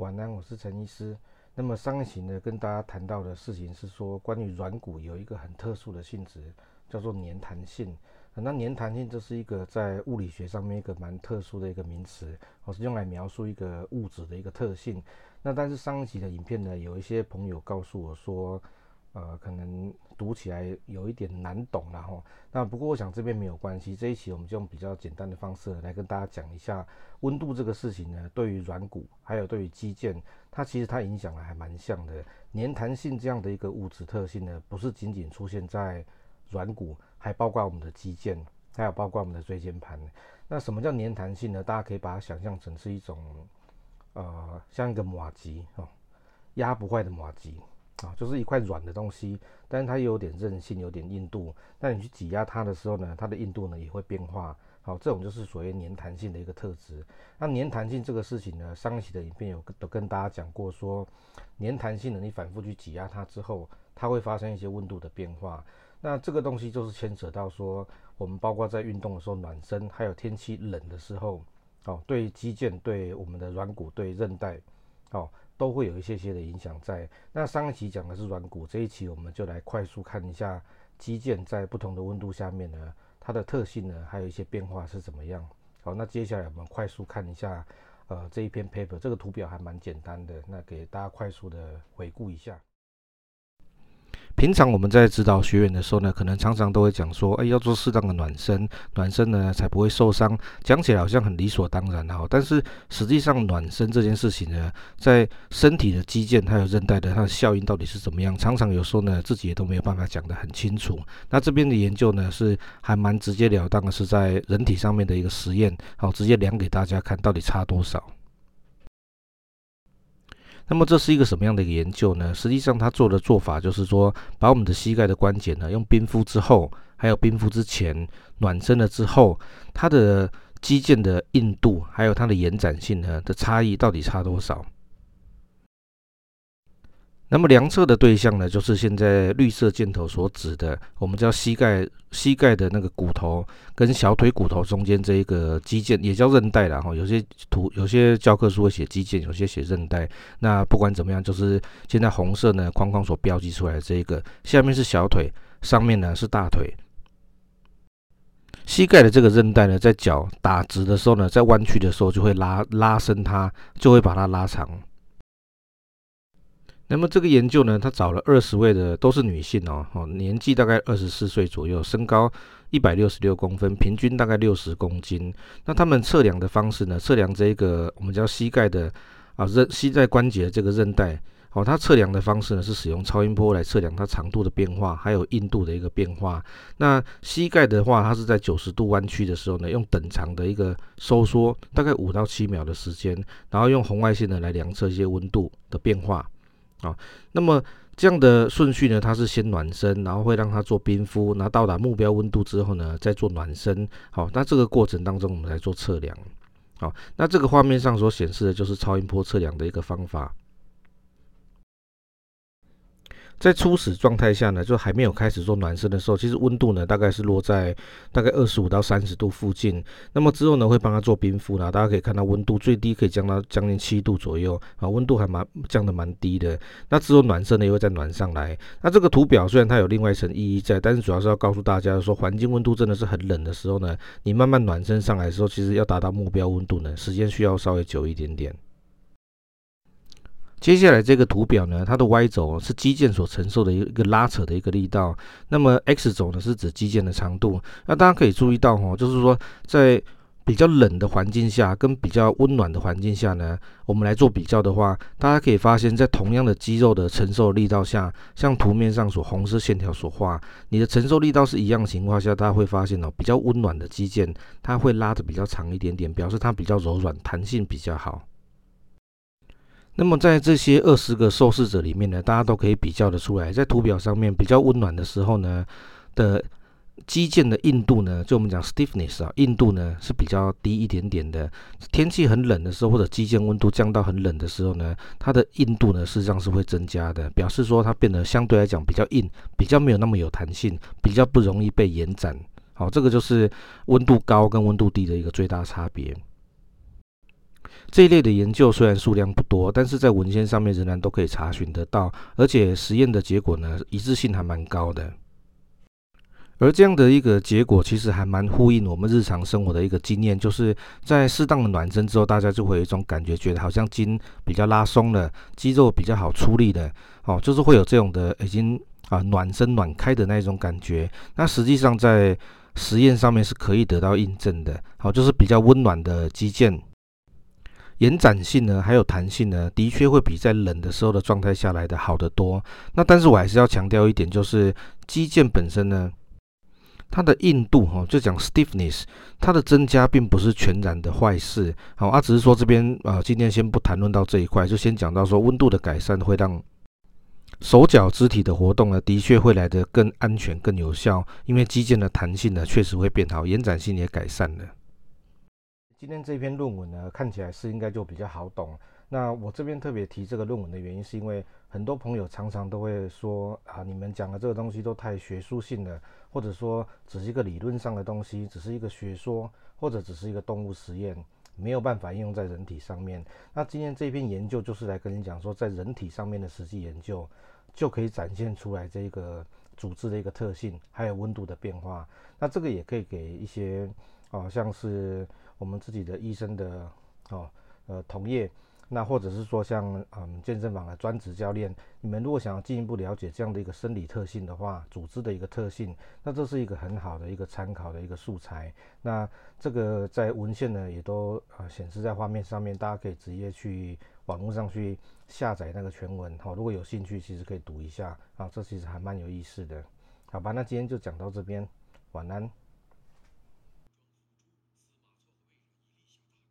晚安，我是陳醫師。那麼上一期呢，跟大家談到的事情是說，關於軟骨有一個很特殊的性質，叫做粘彈性。那粘彈性就是一個在物理學上面一個蠻特殊的一個名詞，我是用來描述一個物質的一個特性。那但是上一期的影片呢，有一些朋友告訴我說，呃，可能讀起來有一點難懂，然後，那不過我想這邊沒有關係，這一期我們就用比較簡單的方式來跟大家講一下溫度這個事情呢，對於軟骨，還有對於肌腱，它其實它影響還蠻像的。粘彈性這樣的一個物質特性呢，不是僅僅出現在軟骨，還包括我們的肌腱，還有包括我們的椎間盤。那什麼叫粘彈性呢？大家可以把它想象成是一種，呃，像一個麻糬，壓不壞的麻糬。啊，就是一塊軟的東西，但是它又有點韌性，有點硬度。那你去擠壓它的時候呢，它的硬度呢也會變化。好，這種就是所謂粘彈性的一個特質。那粘彈性這個事情呢，上一期的影片有跟有跟大家講過說，說粘彈性呢，你反復去擠壓它之後，它會發生一些溫度的變化。那這個東西就是牽扯到說，我們包括在運動的時候暖身，還有天氣冷的時候，哦，對肌腱、對我們的軟骨、對韌帶，哦。都會有一些些的影響在。在那上一期講的是軟骨，這一期我們就來快速看一下肌腱在不同的溫度下面呢，它的特性呢，還有一些變化是怎麼樣。好，那接下來我們快速看一下，呃，這一篇 paper，這個圖表還蠻簡單的，那給大家快速的回顧一下。平常我們在指導學員的時候呢，可能常常都會講說，哎，要做適當的暖身，暖身呢才不會受傷。講起來好像很理所當然哈，但是實際上暖身這件事情呢，在身體的肌腱還有韌帶的它的效應到底是怎麼樣，常常有時候呢自己也都沒有辦法講得很清楚。那這邊的研究呢是還蠻直截了當的，是在人體上面的一個實驗，好直接量給大家看到底差多少。那麼這是一個什麼樣的一個研究呢？實際上，他做的做法就是說，把我們的膝蓋的關節呢，用冰敷之後，還有冰敷之前，暖身了之後，它的肌腱的硬度還有它的延展性呢的差異到底差多少？那麼量測的對象呢，就是現在綠色箭頭所指的，我們叫膝蓋，膝蓋的那個骨頭跟小腿骨頭中間這一個肌腱，也叫韌帶啦，哈。有些圖，有些教科書會寫肌腱，有些寫韌帶。那不管怎麼樣，就是現在紅色呢框框所標記出來這一個，下面是小腿，上面呢是大腿。膝蓋的這個韌帶呢，在腳打直的時候呢，在彎曲的時候就會拉拉伸它，就會把它拉長。那麼這個研究呢，他找了二十位的，都是女性哦，哦，年紀大概二十四歲左右，身高一百六十六公分，平均大概六十公斤。那他們測量的方式呢，測量這個我們叫膝蓋的啊韌膝蓋關節的這個韌帶，哦，他測量的方式呢是使用超音波來測量它長度的變化，還有硬度的一個變化。那膝蓋的話，它是在九十度彎曲的時候呢，用等長的一個收縮，大概五到七秒的時間，然後用紅外線呢，來量測一些溫度的變化。好，那麼這樣的順序呢，它是先暖身，然後會讓它做冰敷，那到達目標溫度之後呢，再做暖身。好，那這個過程當中，我們來做測量。好，那這個畫面上所顯示的就是超音波測量的一個方法。在初始狀態下呢，就還沒有開始做暖身的時候，其實溫度呢大概是落在大概二十五到三十度附近。那麼之後呢，會幫它做冰敷呢，大家可以看到溫度最低可以降到將近七度左右啊，溫度還蠻降得蠻低的。那之後暖身呢，又會再暖上來。那這個圖表雖然它有另外一層意義在，但是主要是要告訴大家說，環境溫度真的是很冷的時候呢，你慢慢暖身上來的時候，其實要達到目標溫度呢，時間需要稍微久一點點。接下來這個圖表呢，它的 Y 軸是肌腱所承受的一個一個拉扯的一個力道，那麼 X 軸呢是指肌腱的長度。那大家可以注意到哈，就是說在比較冷的環境下跟比較溫暖的環境下呢，我們來做比較的話，大家可以發現，在同樣的肌肉的承受的力道下，像圖面上所紅色線條所畫，你的承受力道是一樣的情況下，大家會發現哦，比較溫暖的肌腱，它會拉得比較長一點點，表示它比較柔軟，彈性比較好。那麼在這些二十個受試者裡面呢，大家都可以比較的出來，在圖表上面比較溫暖的時候呢，的肌腱的硬度呢，就我們講 stiffness 啊，硬度呢是比較低一點點的。天氣很冷的時候，或者肌腱溫度降到很冷的時候呢，它的硬度呢實際上是會增加的，表示說它變得相對來講比較硬，比較沒有那麼有彈性，比較不容易被延展。好，這個就是溫度高跟溫度低的一個最大差別。這一類的研究雖然數量不多，但是在文獻上面仍然都可以查詢得到，而且實驗的結果呢，一致性還蠻高的。而這樣的一個結果，其實還蠻呼應我們日常生活的一個經驗，就是在適當的暖身之後，大家就會有一種感覺，覺得好像筋比較拉松了，肌肉比較好出力了，哦，就是會有這種的已經啊暖身暖開的那一種感覺。那實際上在實驗上面是可以得到印證的，好，哦，就是比較溫暖的肌腱。延展性呢，還有彈性呢，的確會比在冷的時候的狀態下來的好得多。那但是我還是要強調一點，就是肌腱本身呢，它的硬度哈，就講 stiffness，它的增加並不是全然的壞事。好啊，只是說這邊啊，今天先不談論到這一塊，就先講到說溫度的改善會讓手腳肢體的活動呢，的確會來得更安全、更有效，因為肌腱的彈性呢，確實會變好，延展性也改善了。今天這篇論文呢，看起來是應該就比較好懂。那我這邊特別提這個論文的原因，是因為很多朋友常常都會說啊，你們講的這個東西都太學術性了，或者說只是一個理論上的東西，只是一個學說，或者只是一個動物實驗，沒有辦法應用在人體上面。那今天這篇研究就是來跟你講說，在人體上面的實際研究，就可以展現出來這個組織的一個特性，還有溫度的變化。那這個也可以給一些。好像是我們自己的醫生的哦，呃，同業，那或者是說像嗯健身房的專職教練，你們如果想要進一步了解這樣的一個生理特性的話，組織的一個特性，那這是一個很好的一個參考的一個素材。那這個在文獻呢也都啊顯示在畫面上面，大家可以直接去網絡上去下載那個全文哈。如果有興趣，其實可以讀一下啊，這其實還蠻有意思的。好吧，那今天就講到這邊，晚安。